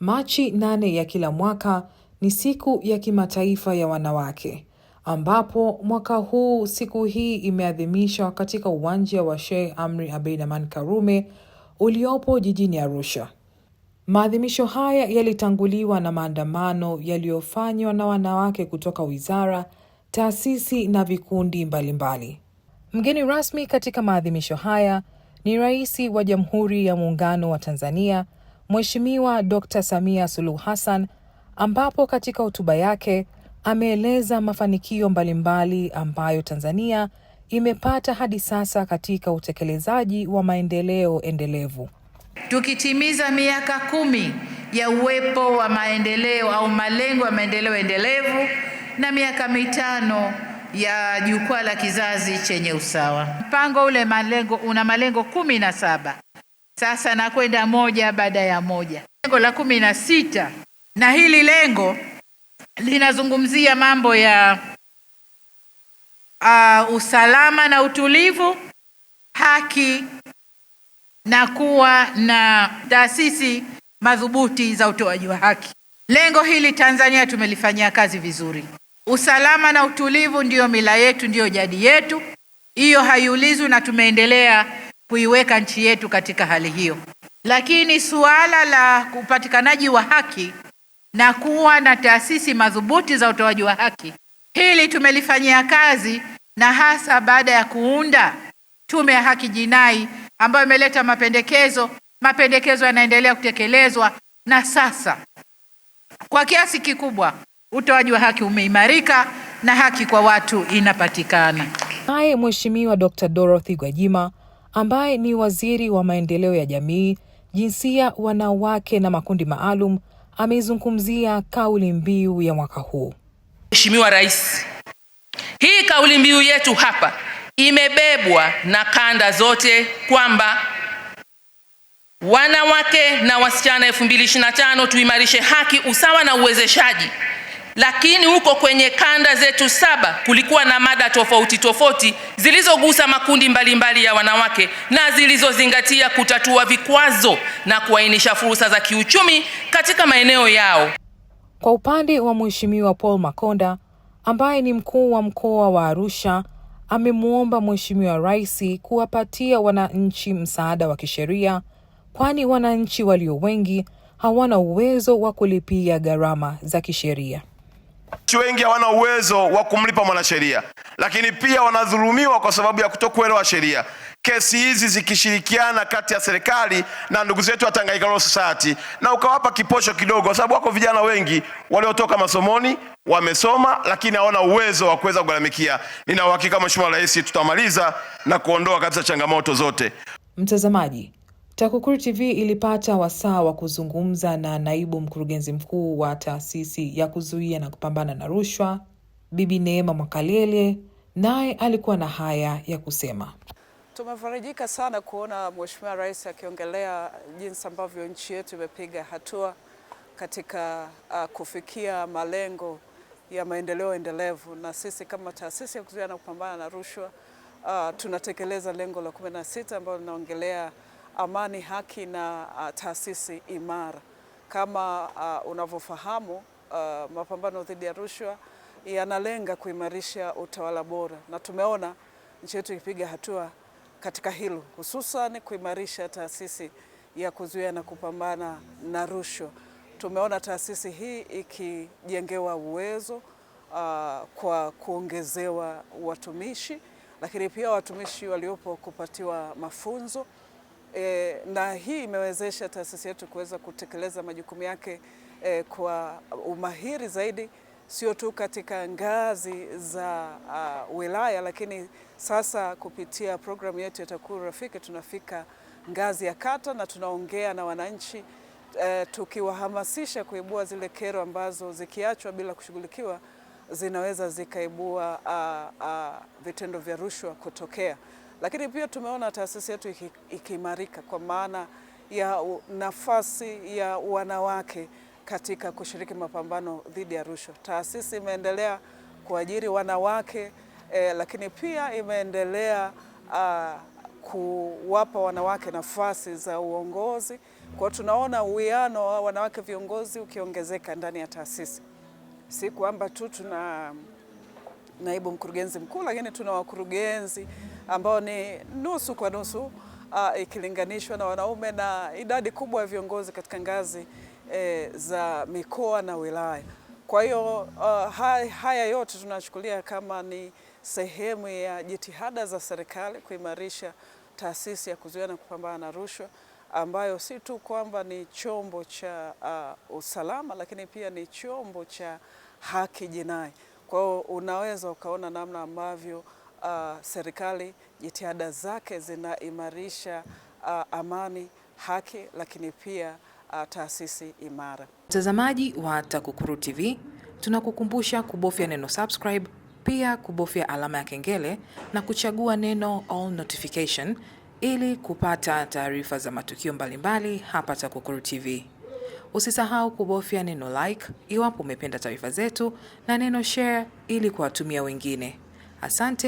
Machi nane ya kila mwaka ni siku ya kimataifa ya wanawake, ambapo mwaka huu siku hii imeadhimishwa katika uwanja wa Sheikh Amri Abeid Aman Karume uliopo jijini Arusha. Maadhimisho haya yalitanguliwa na maandamano yaliyofanywa na wanawake kutoka wizara, taasisi na vikundi mbalimbali. Mgeni rasmi katika maadhimisho haya ni Rais wa Jamhuri ya Muungano wa Tanzania Mheshimiwa Dr. Samia Suluhu Hassan ambapo katika hotuba yake ameeleza mafanikio mbalimbali ambayo Tanzania imepata hadi sasa katika utekelezaji wa maendeleo endelevu. Tukitimiza miaka kumi ya uwepo wa maendeleo au malengo ya maendeleo endelevu na miaka mitano ya jukwaa la kizazi chenye usawa. Mpango ule malengo una malengo kumi na saba. Sasa nakwenda moja baada ya moja. Lengo la kumi na sita, na hili lengo linazungumzia mambo ya uh, usalama na utulivu, haki na kuwa na taasisi madhubuti za utoaji wa haki. Lengo hili Tanzania tumelifanyia kazi vizuri. Usalama na utulivu ndiyo mila yetu, ndiyo jadi yetu, hiyo haiulizwi, na tumeendelea kuiweka nchi yetu katika hali hiyo. Lakini suala la upatikanaji wa haki na kuwa na taasisi madhubuti za utoaji wa haki, hili tumelifanyia kazi, na hasa baada ya kuunda tume ya haki jinai ambayo imeleta mapendekezo. Mapendekezo yanaendelea kutekelezwa, na sasa kwa kiasi kikubwa utoaji wa haki umeimarika na haki kwa watu inapatikana. Naye Mheshimiwa Dr. Dorothy Gwajima ambaye ni waziri wa maendeleo ya jamii, jinsia, wanawake na makundi maalum, ameizungumzia kauli mbiu ya mwaka huu. Mheshimiwa Rais, hii kauli mbiu yetu hapa imebebwa na kanda zote kwamba wanawake na wasichana 2025 tuimarishe haki, usawa na uwezeshaji lakini huko kwenye kanda zetu saba kulikuwa na mada tofauti tofauti zilizogusa makundi mbalimbali mbali ya wanawake na zilizozingatia kutatua vikwazo na kuainisha fursa za kiuchumi katika maeneo yao. Kwa upande wa Mheshimiwa Paul Makonda ambaye ni mkuu wa mkoa wa Arusha, amemwomba Mheshimiwa Rais kuwapatia wananchi msaada wa kisheria, kwani wananchi walio wengi hawana uwezo wa kulipia gharama za kisheria wengi hawana uwezo wa kumlipa mwanasheria, lakini pia wanadhulumiwa kwa sababu ya kutokuelewa sheria. Kesi hizi zikishirikiana kati ya serikali na ndugu zetu wa Tanganyika Law Society na ukawapa kiposho kidogo, kwa sababu wako vijana wengi waliotoka masomoni wamesoma, lakini hawana uwezo wa kuweza kugaramikia. Nina uhakika Mheshimiwa Rais, tutamaliza na kuondoa kabisa changamoto zote. Mtazamaji, TAKUKURU TV ilipata wasaa wa kuzungumza na naibu mkurugenzi mkuu wa taasisi ya kuzuia na kupambana na rushwa, Bibi Neema Mwakalele, naye alikuwa na haya ya kusema. Tumefarijika sana kuona Mheshimiwa Rais akiongelea jinsi ambavyo nchi yetu imepiga hatua katika uh, kufikia malengo ya maendeleo endelevu, na sisi kama taasisi ya kuzuia na kupambana na rushwa uh, tunatekeleza lengo la sita ambalo linaongelea amani, haki na uh, taasisi imara. Kama uh, unavyofahamu uh, mapambano dhidi ya rushwa yanalenga kuimarisha utawala bora, na tumeona nchi yetu ikipiga hatua katika hilo, hususan kuimarisha taasisi ya kuzuia na kupambana na rushwa. Tumeona taasisi hii ikijengewa uwezo uh, kwa kuongezewa watumishi, lakini pia watumishi waliopo kupatiwa mafunzo e, na hii imewezesha taasisi yetu kuweza kutekeleza majukumu yake e, kwa umahiri zaidi, sio tu katika ngazi za uh, wilaya, lakini sasa kupitia programu yetu ya TAKUKURU Rafiki tunafika ngazi ya kata na tunaongea na wananchi e, tukiwahamasisha kuibua zile kero ambazo zikiachwa bila kushughulikiwa zinaweza zikaibua uh, uh, vitendo vya rushwa kutokea lakini pia tumeona taasisi yetu ikiimarika kwa maana ya nafasi ya wanawake katika kushiriki mapambano dhidi ya rushwa. Taasisi imeendelea kuajiri wanawake eh, lakini pia imeendelea uh, kuwapa wanawake nafasi za uongozi. Kwa tunaona uwiano wa wanawake viongozi ukiongezeka ndani ya taasisi, si kwamba tu tuna naibu mkurugenzi mkuu, lakini tuna wakurugenzi ambao ni nusu kwa nusu uh, ikilinganishwa na wanaume na idadi kubwa ya viongozi katika ngazi eh, za mikoa na wilaya. Kwa hiyo uh, haya yote tunachukulia kama ni sehemu ya jitihada za serikali kuimarisha taasisi ya kuzuia na kupambana na rushwa ambayo si tu kwamba ni chombo cha uh, usalama lakini pia ni chombo cha haki jinai. Kwa hiyo unaweza ukaona namna ambavyo uh, serikali jitihada zake zinaimarisha uh, amani, haki, lakini pia uh, taasisi imara. Mtazamaji wa TAKUKURU TV, tunakukumbusha kubofya neno subscribe, pia kubofya alama ya kengele na kuchagua neno all notification ili kupata taarifa za matukio mbalimbali hapa TAKUKURU TV. Usisahau kubofya neno like iwapo umependa taarifa zetu na neno share ili kuwatumia wengine. Asante.